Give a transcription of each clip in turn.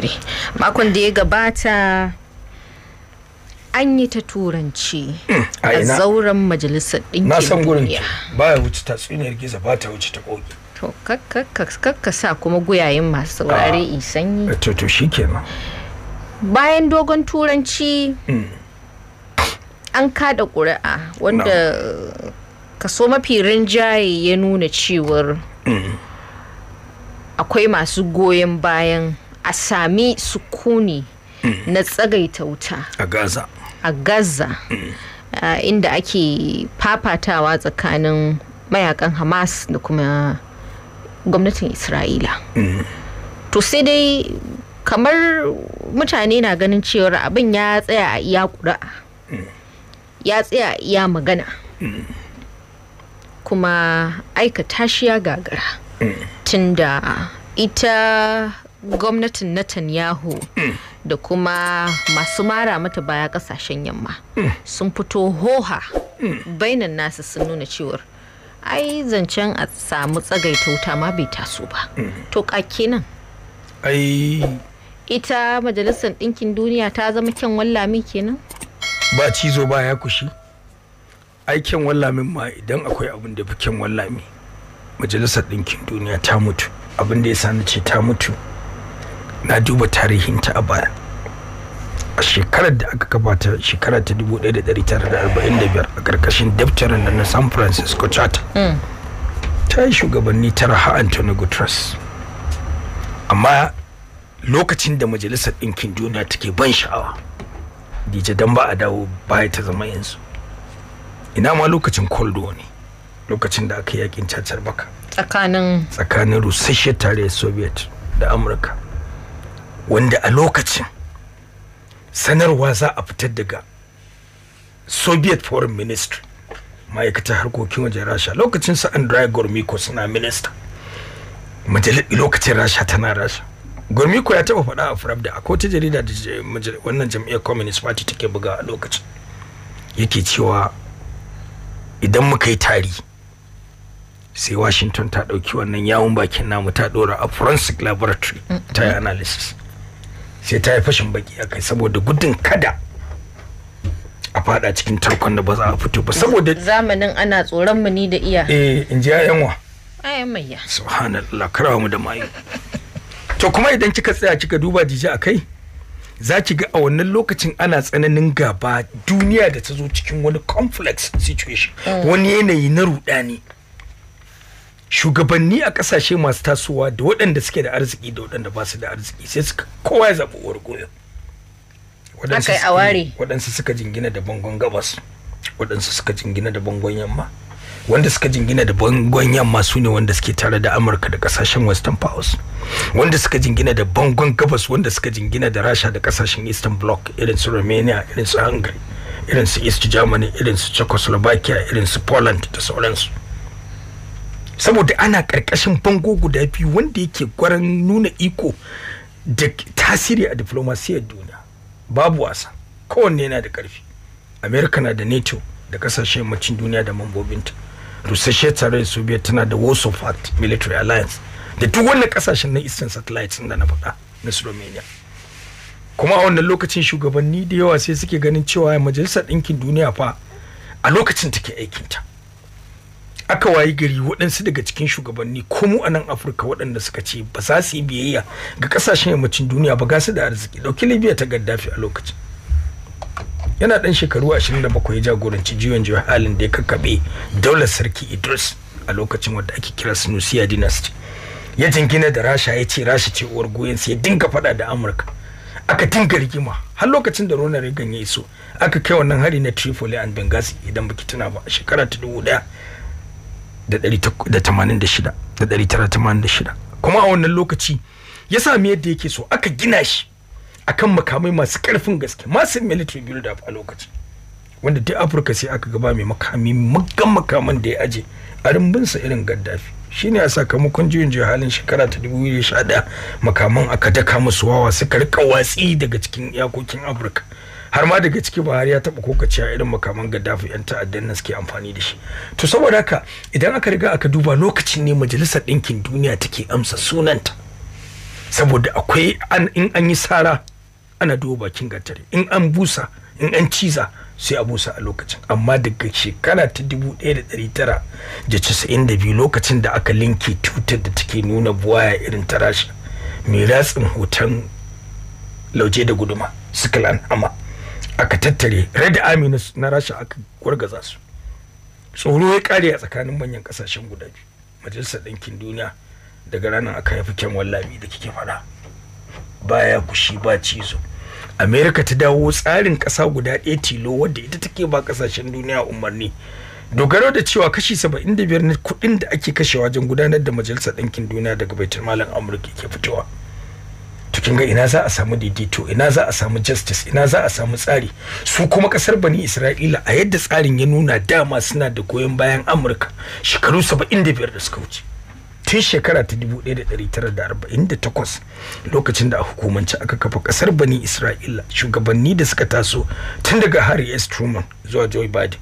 daddare makon da ya gabata an yi ta turanci hmm, a zauren majalisar ɗinkin na san gurin baya wuce tatsuniyar giza ba ta wuce ta koki to kakka sa kuma guyayen masu saurare ah. isanyi eh, to to shikenan bayan dogon turanci hmm. an kada ƙuri'a wanda kaso mafi rinjaye ya nuna cewar hmm. akwai masu goyon bayan a sami sukuni na tsagaita wuta a gaza a gaza uh, inda ake fafatawa tsakanin mayakan hamas da kuma gwamnatin isra'ila mm. to sai dai kamar mutane na ganin cewar abin ya tsaya a iya kura mm. ya tsaya a iya magana mm. kuma aikata shi ya gagara tunda ita gwamnatin Netanyahu da kuma masu mara mata baya kasashen yamma sun fito hoha bainan nasu sun nuna cewar ai zancen a samu tsagaita wuta ma bai taso ba to kake nan ai ita majalisar ɗinkin duniya ta zama kyan wallami kenan ba cizo ba ya kushi ai kyan wallamin ma idan akwai abin da fi kyan wallami majalisar ɗinkin duniya ta mutu abin da ya sani ce ta mutu na duba tarihinta a baya a shekarar da aka gabata shekarar ta 1945 a karkashin daftarin da na san francisco charter hmm. ta yi shugabanni tara ha antonio guterres amma lokacin da majalisar ɗinkin duniya take ban sha'awa dije don ba a dawo baya ta zama yanzu ina ma lokacin cold war ne lokacin da aka yakin cacar baka tsakanin tsakanin rusasshiyar tarayyar soviet da amurka wanda a lokacin sanarwa za a fitar daga soviet foreign ministry ma'aikatar harkokin wajen rasha lokacin su andrei gormiko suna minista lokacin rasha tana rasha gormiko ya taba faɗa a farabda a kotu jarida da wannan jam'iyyar communist party take buga a lokacin yake cewa idan muka yi tari sai washington ta ɗauki wannan yawon bakin namu ta ɗora a forensic laboratory ta yi analysis sai ta yi fashin baki a kai saboda gudun kada a fada cikin tarkon da ba za a fito ba saboda zamanin ana tsoron mu ni da iya eh in ji yayan wa ayan mayya subhanallah karawa mu da mai to kuma idan kika tsaya kika duba jiji a kai za ki ga a wannan lokacin ana tsananin gaba duniya da ta zo cikin wani complex situation mm. wani yanayi na rudani shugabanni a kasashe masu tasowa da waɗanda suke da arziki da waɗanda ba su da arziki sai suka kowa ya zaɓi uwar goyon waɗansu suka jingina da bangon gabas waɗansu suka jingina da bangon yamma wanda suka jingina da bangon yamma su ne wanda suke tare da amurka da kasashen western powers wanda suka jingina da bangon gabas wanda suka jingina da rasha da kasashen eastern bloc irin su romania irin su hungary irin su east germany irin su czechoslovakia irin su poland da sauransu saboda ana karkashin bango guda biyu wanda yake gwaran nuna iko da tasiri a diplomasiyar duniya babu wasa kowanne yana da karfi america na da nato da kasashen yammacin duniya da mambobinta rusasshe tare da soviet tana da warsaw military alliance da duk wannan kasashen na eastern satellites da na faɗa na slovenia kuma a wannan lokacin shugabanni da yawa sai suke ganin cewa majalisar ɗinkin duniya fa a lokacin take aikinta aka wayi gari waɗansu daga cikin shugabanni ko a nan afirka waɗanda suka ce ba za su yi biyayya ga ƙasashen yammacin duniya ba ga su da arziki ɗauki libya ta gaddafi a lokacin yana ɗan shekaru ashirin da 27 ya jagoranci jiwon jiwon halin da ya kakkaɓe daular sarki idris a lokacin wadda ake kira sinusiya dynasty ya jingina da rasha ya ce rasha ce uwar goyonsa ya dinga faɗa da amurka aka dinga rigima har lokacin da ronald reagan ya iso aka kai wannan hari na tripoli and benghazi idan baki tuna ba a shekara ta dubu ɗaya da 1986 kuma a wannan lokaci ya sami yadda yake so aka gina shi akan makamai masu karfin gaske masu military build up a lokaci wanda duk afirka sai aka gaba mai makami maggan makaman da ya aje a rumbinsa irin gaddafi shine a sakamakon juyin juya halin shekara ta 2011 makaman aka daka musu wawa suka rika watsi daga cikin iyakokin afirka har ma daga ciki buhari ya taɓa kokaci a irin makaman gaddafi yan ta'addan na suke amfani da shi to saboda haka idan aka riga aka duba lokacin ne majalisar ɗinkin duniya take amsa sunanta saboda akwai in an yi sara ana duba bakin gatari in an busa in an ciza sai a busa a lokacin amma daga shekara ta dubu ɗaya da da da tara casa'in biyu lokacin da aka linke tutar da take nuna buwaya irin ta rasha mai ratsin hoton lauje da guduma sikilan ama aka tattare red amina na rasha aka gwargaza su tsoro ya kare a tsakanin manyan kasashen guda biyu majalisar ɗinkin duniya daga ranar aka haifi kyan wallabi da kike faɗa baya kushi ba cizo amerika ta dawo tsarin kasa guda ɗaya tilo wadda ita take ba kasashen duniya umarni dogaro da cewa kashi 75 na kuɗin da ake kashe wajen gudanar da majalisar ɗinkin duniya daga baitul malam amurka ke fitowa to ga ina za a samu daidaito ina za a samu justice ina za a samu tsari su kuma kasar bani isra'ila a yadda tsarin ya nuna dama suna da goyon bayan amurka shekaru 75 da suka wuce tun shekara ta 1948 lokacin da a hukumance aka kafa kasar bani isra'ila shugabanni da suka taso tun daga harry s truman zuwa joe biden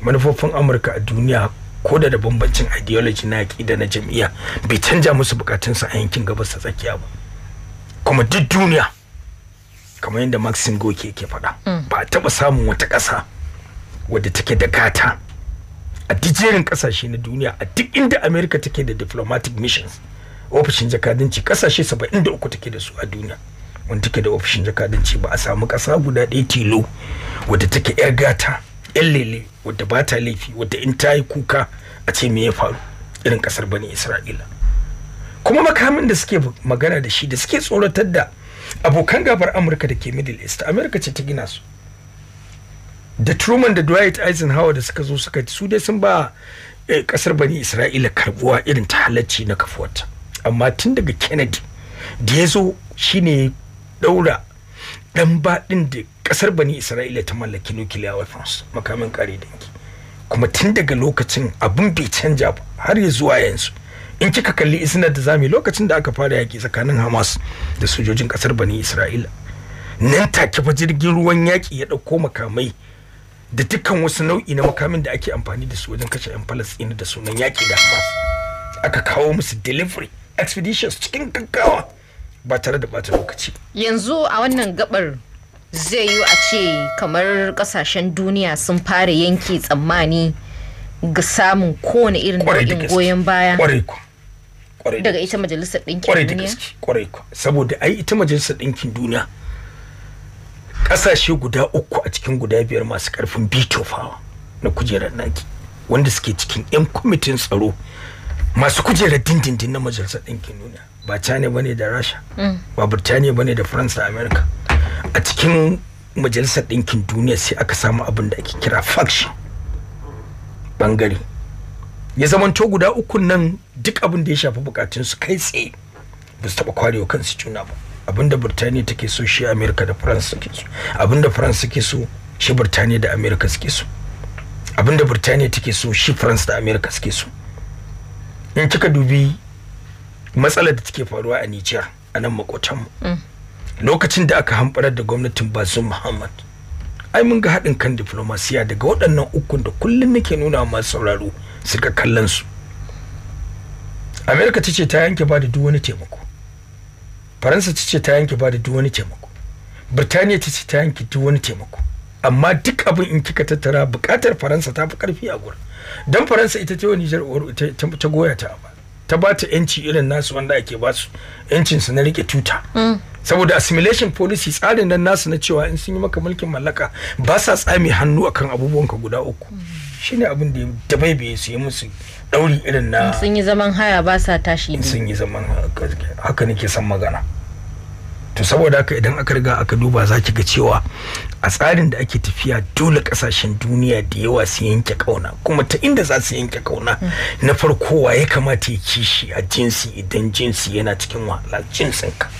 manufofin amurka a duniya ko da da bambancin ideology na da na jam'iyya bai canja musu bukatunsa a yankin gabas ta tsakiya ba kuma duk duniya kamar yadda maxim goke ke faɗa mm. ba a taɓa samun wata ƙasa wadda take da gata a dijerin kasashe na duniya a duk inda america take da diplomatic missions ofishin jakadanci kasashe 73 take da su a duniya wanda take da ofishin jakadanci ba a samu kasa guda ɗaya tilo wadda take yar gata yan lele wadda ba ta laifi wadda in ta yi kuka a ce me ya faru irin kasar bani isra'ila kuma makamin da suke magana da shi da suke tsoratar da abokan gabar amurka da ke middle east amurka ce ta gina su da truman da dwight eisenhower da suka zo suka su dai sun ba eh, kasar bani isra'ila karbuwa irin ta halacci na kafuwarta amma tun daga kennedy da ya zo shine daura dan baɗin da kasar bani isra'ila ta mallaki nuclear weapons makamin kare dangi kuma tun daga lokacin abun bai canja ba har ya zuwa yanzu in kika kalli isnar da zami lokacin da aka fara yaki tsakanin hamas da sojojin kasar bani isra'ila nan take fa jirgin ruwan yaki ya dauko makamai da dukkan wasu nau'i na makamin da ake amfani da su wajen kashe 'yan falasɗina da sunan yaƙi da hamas aka kawo musu delivery expeditions cikin gaggawa ba tare da bata lokaci yanzu a wannan gabar zai yi a ce kamar kasashen duniya sun fara yanke tsammani ga samun kowane irin nau'in goyon baya daga ita majalisar ɗinkin duniya saboda ai ita majalisar ɗinkin duniya kasashe guda uku a cikin guda biyar masu karfin bito fawa na kujerar naki wanda suke cikin 'yan kwamitin tsaro masu kujerar dindindin na majalisar ɗinkin duniya ba china bane da rasha mm. ba birtaniya bane da france da america a cikin majalisar ɗinkin duniya sai aka samu abin da ake kira faction bangare ya zamanto guda uku nan duk abin da ya shafi bukatun su kai tsaye ba su taɓa kwarewa kansu juna ba abinda birtaniya take so shi amerika da france suke so abinda france suke so shi birtaniya da amerika suke so abinda birtaniya take so shi france da amerika suke so in kika dubi matsalar da take faruwa a niger a nan makotanmu mm. lokacin da aka hamɓarar da gwamnatin bazum muhammad ai mun ga haɗin kan diflomasiya daga waɗannan ukun da kullum nake nuna masu sauraro suka kallon su amerika ta ce ta yanke ba da duk wani taimako faransa ta ce ta yanke ba da duk wani taimako birtaniya ta ce ta yanke duk wani taimako amma duk abin in kika tattara bukatar faransa ta fi karfi a gurin don faransa ita ce wani nijar ta goya ta ba ta ba ta yanci irin nasu wanda ake ba su yancin su na rike tuta mm. saboda assimilation policy tsarin nan nasu na cewa in sun yi maka mulkin mallaka ba sa tsami hannu akan abubuwan ka guda uku mm. shine abin da ya dabaibaye su yi musu dauri irin na sun yi zaman haya ba sa tashi ne sun yi zaman haka nake son magana to saboda haka idan aka riga aka duba za ki ga cewa a tsarin da ake tafiya dole kasashen duniya da yawa su yanke kauna kuma ta inda za su yanke kauna mm. na farko wa ya kamata ya kishi a jinsi idan jinsi yana cikin wahala jinsin ka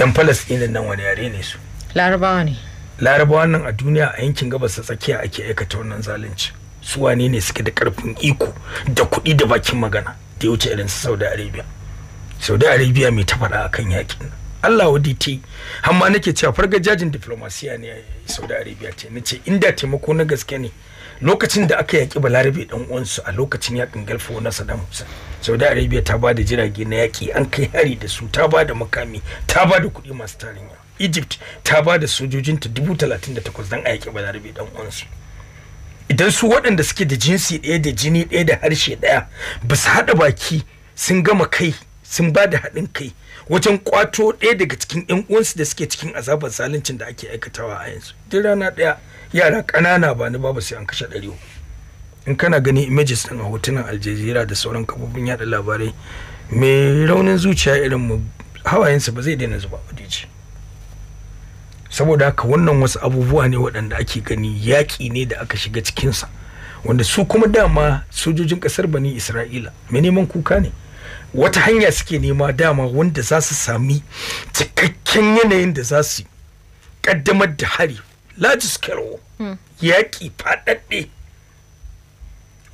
yan falastinin nan wani yare ne su larabawa ne larabawa nan a duniya a yankin gabas ta tsakiya ake aikata wannan zalunci su wane ne suke da karfin iko da kuɗi da bakin magana da ya wuce irin su saudi arabia saudi arabia mai ta faɗa kan yakin allah ta yi amma nake cewa farga jajin diplomasiya ne saudi arabia ce na ce inda taimako na gaske ne lokacin da aka yaki balarabe dan uwansu a lokacin yakin galfo na saddam hussein saudi arabia ta ba da jirage na yaki an kai hari da su ta ba da makami ta ba da kuɗi masu tarin yawa egypt ta ba da sojojinta dubu talatin da takwas don a yaƙi balarabe dan uwansu idan su waɗanda suke da jinsi ɗaya da jini ɗaya da harshe ɗaya ba su haɗa baki sun gama kai sun ba da haɗin kai wajen ƙwato ɗaya daga cikin yan uwansu da suke cikin azabar zaluncin da ake aikatawa a yanzu duk rana ɗaya yara ƙanana ba ni babu sai an kashe ɗari in kana gani images ɗin a hotunan aljazira da sauran kafofin yaɗa labarai mai raunin zuciya irin mu hawayensu ba zai daina zuba ba saboda haka wannan wasu abubuwa ne waɗanda ake gani yaƙi ne da aka shiga cikinsa wanda su kuma dama sojojin ƙasar bani isra'ila mai neman kuka ne wata hanya suke nema dama wanda za su sami cikakken yanayin da za su ƙaddamar da hari large scale hmm. yaƙi faɗaɗɗe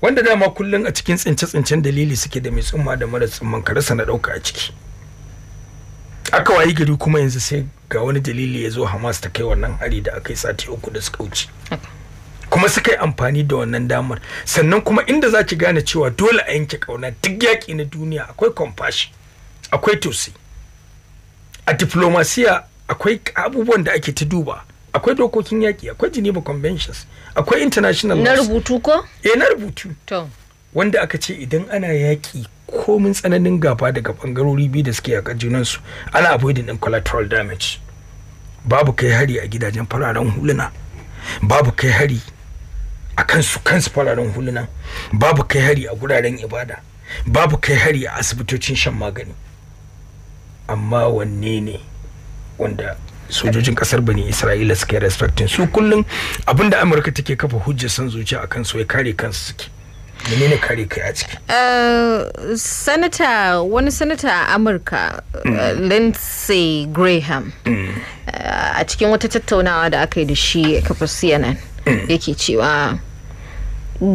wanda dama kullum a cikin tsince-tsincen dalili suke da mai tsumma da mara tsumman ka rasa na ɗauka a ciki aka wayi gari kuma yanzu sai ga wani dalili ya zo hamas ta kai wannan hari da aka yi sati uku da suka wuce kuma suka yi amfani da wannan damar sannan kuma inda za ki gane cewa dole a yanke kauna duk yaƙi na duniya akwai compassion akwai tausayi a diplomasiya akwai abubuwan da ake ta duba akwai dokokin yaƙi akwai geneva conventions akwai international na rubutu ko eh na rubutu to wanda aka ce idan ana yaƙi komin tsananin gaba daga bangarori biyu da suke a junansu ana avoiding din collateral damage babu kai hari a gidajen fararen huluna babu kai hari a kansu kansu fararen huluna babu kai hari a guraren ibada babu kai hari a asibitocin shan magani amma wanne ne wanda sojojin kasar bani isra'ila suke respectin su kullum abinda amurka take kafa hujjar san zuciya a su ya kare kansu suke menene kare kai a ciki eh, wani sanata a amurka mm. eh, lindsey graham mm. eh, a cikin wata tattaunawa da aka yi da shi kafar cnn mm. yake cewa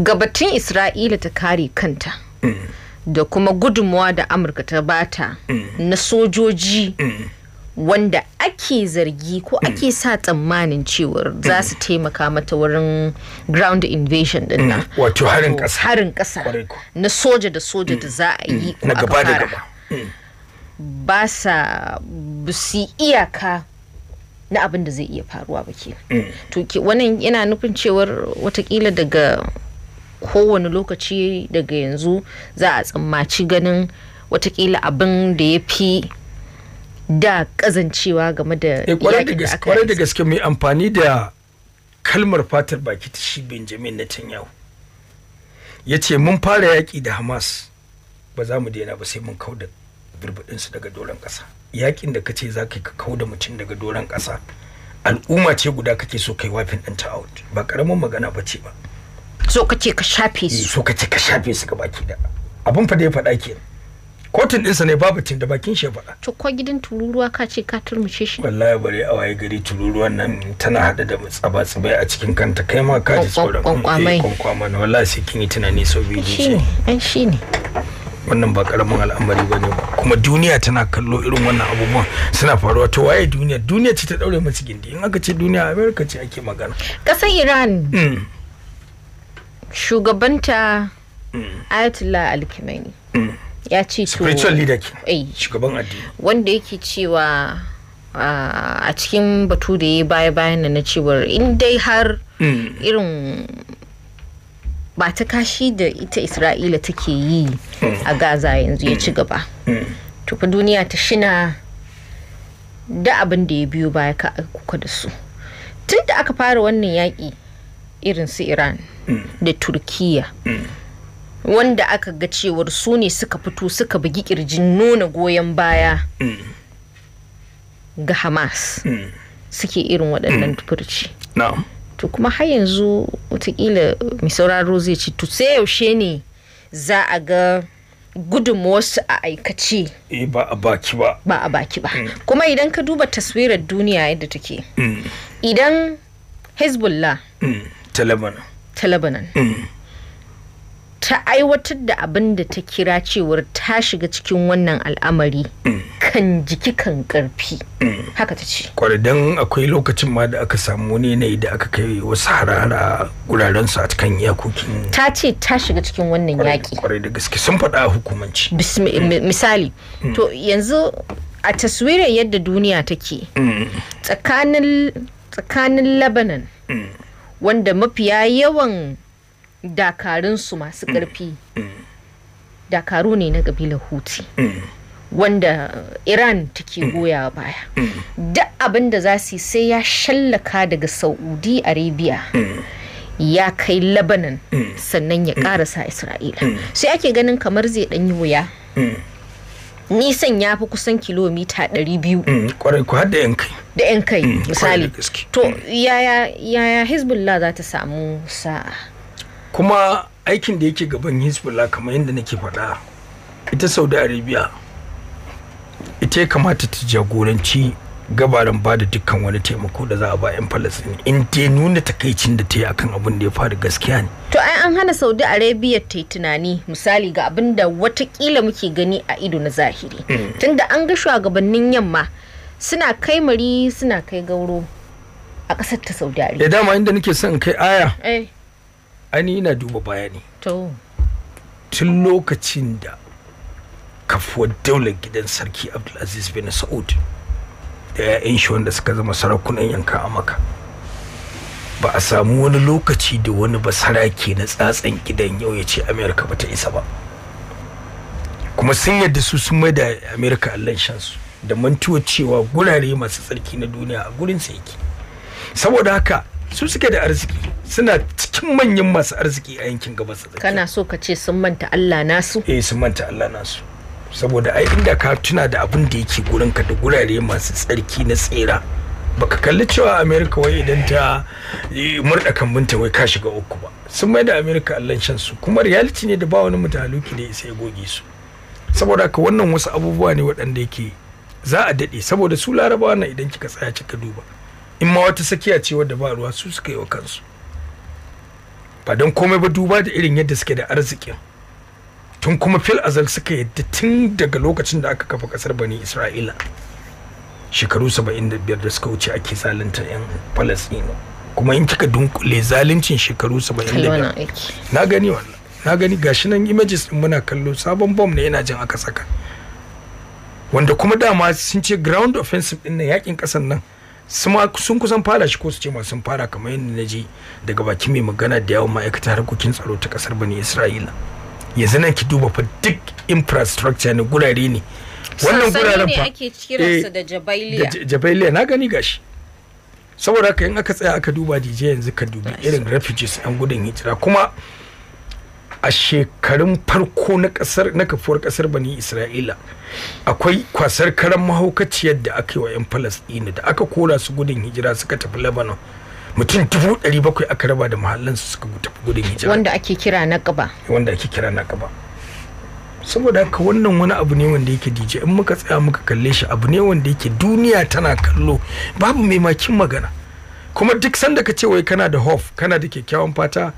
gabatun isra'ila ta kare kanta da kuma gudunmuwa da amurka ta bata na sojoji wanda ake zargi ko ake hmm. sa tsammanin cewar za su hmm. taimaka mata wurin ground invasion din nan hmm. wato harin kasa harin kasa na soja da soja da za a yi ko aka fara ba sa busi iyaka na abin da zai iya faruwa ba ke to ke wannan yana nufin cewar watakila daga kowane lokaci daga yanzu za a tsammaci ganin watakila abin da ya fi da kazancewa game da eh, kwarai da gaske mai amfani da kalmar fatar baki ta shi benjamin netanyahu ya ce mun fara yaƙi da hamas ba za mu daina ba sai mun kau da burbuɗinsu daga doron ƙasa yaƙin da ka ce za ka kau da mutum daga doron ƙasa al'umma ce guda kake so kai wafin ɗanta out ba ƙaramin magana ba ce ba so kace eh, ka shafe su so kace ka shafe su baki da abin fa da ya faɗa kenan kotun ɗinsa ne babu tin da bakin shi faɗa. to ko gidan tururuwa ka ce ka turmushe shi. wallahi bare a waye gari tururuwan nan tana haɗa da tsaba tsabai a cikin kanta kai ma ka ji tsoron kwankwamai eh, kwankwamai wallahi sai kin yi tunani sau biyu shi ne shi ne. wannan ba karamin al'amari ba ne kuma duniya tana kallo irin wannan abubuwan suna faruwa to waye duniya duniya ce ta daure masu gindi in aka ce duniya america ce ake magana kasar iran mm. shugabanta mm. ayatollah alkimani ya ce to spiritual leader ke eh. shugaban addini wanda yake cewa a cikin batu da ya baya bayan na cewa in dai har hmm. irin ba ta kashi da ita isra'ila take yi hmm. a gaza yanzu ya ci hmm. gaba to fa duniya ta shina da abin da ya biyo baya ka kuka da su tunda aka fara wannan yaƙi irin su iran da turkiya wanda aka ga cewar su ne suka fito suka bugi kirjin nuna goyon baya mm. ga hamas mm. suke irin waɗannan mm. tufurci to kuma har yanzu watakila mai sauraro zai ci to sai yaushe ne za a ga gudun wasu a aikace eh, ba a baki ba ba a baki ba kuma idan ka duba taswirar duniya yadda take idan hezbollah ta lebanon ta aiwatar da abin da ta kira cewar ta shiga cikin wannan al'amari kan jiki kan karfi haka ta ce kwaridan akwai lokacin ma da aka samu wani yanayi da aka kai wasu harara guraren su a cikin yakokin ta ce ta shiga cikin wannan yaƙi kwarai da gaske sun faɗa a hukumanci misali to yanzu a taswirar yadda duniya take tsakanin tsakanin lebanon mm. wanda mafiya yawan dakarunsu masu mm. ƙarfi mm. dakaru ne na ƙabilar huti mm. wanda iran take goya baya duk abin da za su yi sai ya shallaka daga saudi arabia ya kai labanan sannan ya karasa isra'ila sai ake ganin kamar zai ɗanyi wuya nisan ya fi kusan kilomita 200 kwarai ku da yan kai da yan kai misali to yaya hezbollah za ta samu sa'a kuma aikin da yake gaban hezbollah kamar yadda nake faɗa ita saudi arabia ita ya kamata ta jagoranci gabaran ba da dukkan wani taimako da za a ba 'yan falastin in ta nuna takaicin da ta yi akan abin da ya faru gaskiya ne to ai an hana saudi arabia ta yi tunani misali ga abin da watakila muke gani a ido na zahiri mm. tunda an ga shugabannin yamma suna kai mari suna kai gauro a ƙasar ta saudi arabia da eh, dama inda nake son kai aya eh. ani ina duba baya ne tun lokacin da kafuwar daular gidan sarki abdulaziz bin sa'ud da 'ya'yan shi wanda suka zama sarakunan yanka a maka ba a samu wani lokaci da wani saraki na tsatsan gidan yau ya ce amerika ba ta isa ba kuma sun yadda su sun mai da amerika allon shansu da mantuwa cewa gurare masu tsarki na duniya a gurin sa yake saboda haka su suke da arziki suna cikin manyan masu arziki a yankin gabas da kana so ka ce sun manta Allah nasu eh sun manta Allah nasu saboda ai inda ka tuna da abun da yake gurin ka da gurare masu tsarki na tsira baka kalli cewa America wai idan ta eh, murda binta wai ka shiga uku ba sun mai da America Allah shan su kuma reality ne da ba wani mutaluki da sai goge su saboda ka wannan wasu abubuwa ne waɗanda yake za a daɗe saboda su larabawa na idan kika tsaya kika duba in ma wata tsakiya ce wadda ba ruwa su suka yi wa kansu ba don komai ba duba da irin yadda suke da arzikin tun kuma fil azal suka yadda tun daga lokacin da aka kafa kasar bani isra'ila shekaru 75 da suka wuce ake zalunta 'yan falasino kuma in kika dunkule zaluncin shekaru 75 na gani wannan na gani gashi nan images din muna kallo sabon bom ne yana jin aka saka wanda kuma dama sun ce ground offensive din yakin kasan nan sun kusan fara shi ko su ce masu fara kamar yadda na je daga baki mai magana da yawan ma'aikata harkokin tsaro ta kasar bani isra'ila yanzu nan ki duba fa duk infrastructure ne gurare ne wannan guraren fa ake eh, da jabailiya na gani gashi saboda haka in aka tsaya aka duba dj yanzu ka dubi irin refugees yan gudun hijira kuma a shekarun farko na kasar na kafuwar kasar bani isra'ila akwai kwasar karan mahaukaciyar da aka yi wa 'yan falasdina da aka kora su gudun hijira suka tafi lebanon mutum dubu ɗari bakwai aka raba da mahallansu suka tafi gudun hijira wanda ake kira na ƙaba wanda ake kira na ƙaba saboda haka wannan wani abu ne wanda yake dije in muka tsaya muka kalle shi abu ne wanda yake duniya tana kallo babu mai makin magana kuma duk sanda ka ce wai kana da hof kana da kyakkyawan fata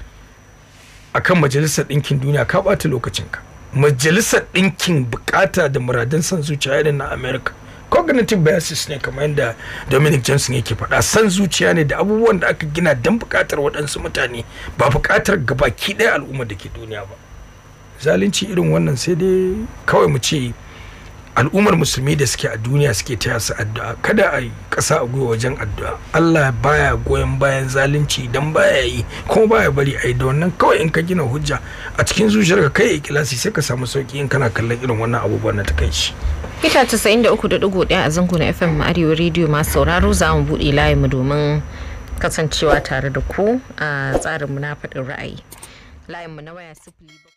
a kan majalisar ɗinkin duniya ka ɓata lokacinka majalisar ɗinkin bukata da muradin san zuciya irin na america cognitive biases ne kamar yadda dominic johnson yake faɗa san zuciya ne da abubuwan da aka gina don bukatar waɗansu mutane ba ga gabaki ɗaya al'umma da ke duniya ba zalunci irin wannan sai dai kawai mu ce al'ummar musulmi da suke a duniya suke taya su addu'a kada a yi kasa a gwiwa wajen addu'a Allah baya goyon bayan zalunci dan baya yi kuma baya bari a yi da wannan kawai in ka gina hujja a cikin zuciyar ka kai ikilasi sai ka samu sauki in kana kallon irin wannan abubuwan na takaici Kita 93.1 a zango na FM Arewa rediyo ma sauraro za mu buɗe layinmu domin kasancewa tare da ku a tsarinmu na faɗin ra'ayi. Layinmu na waya sifili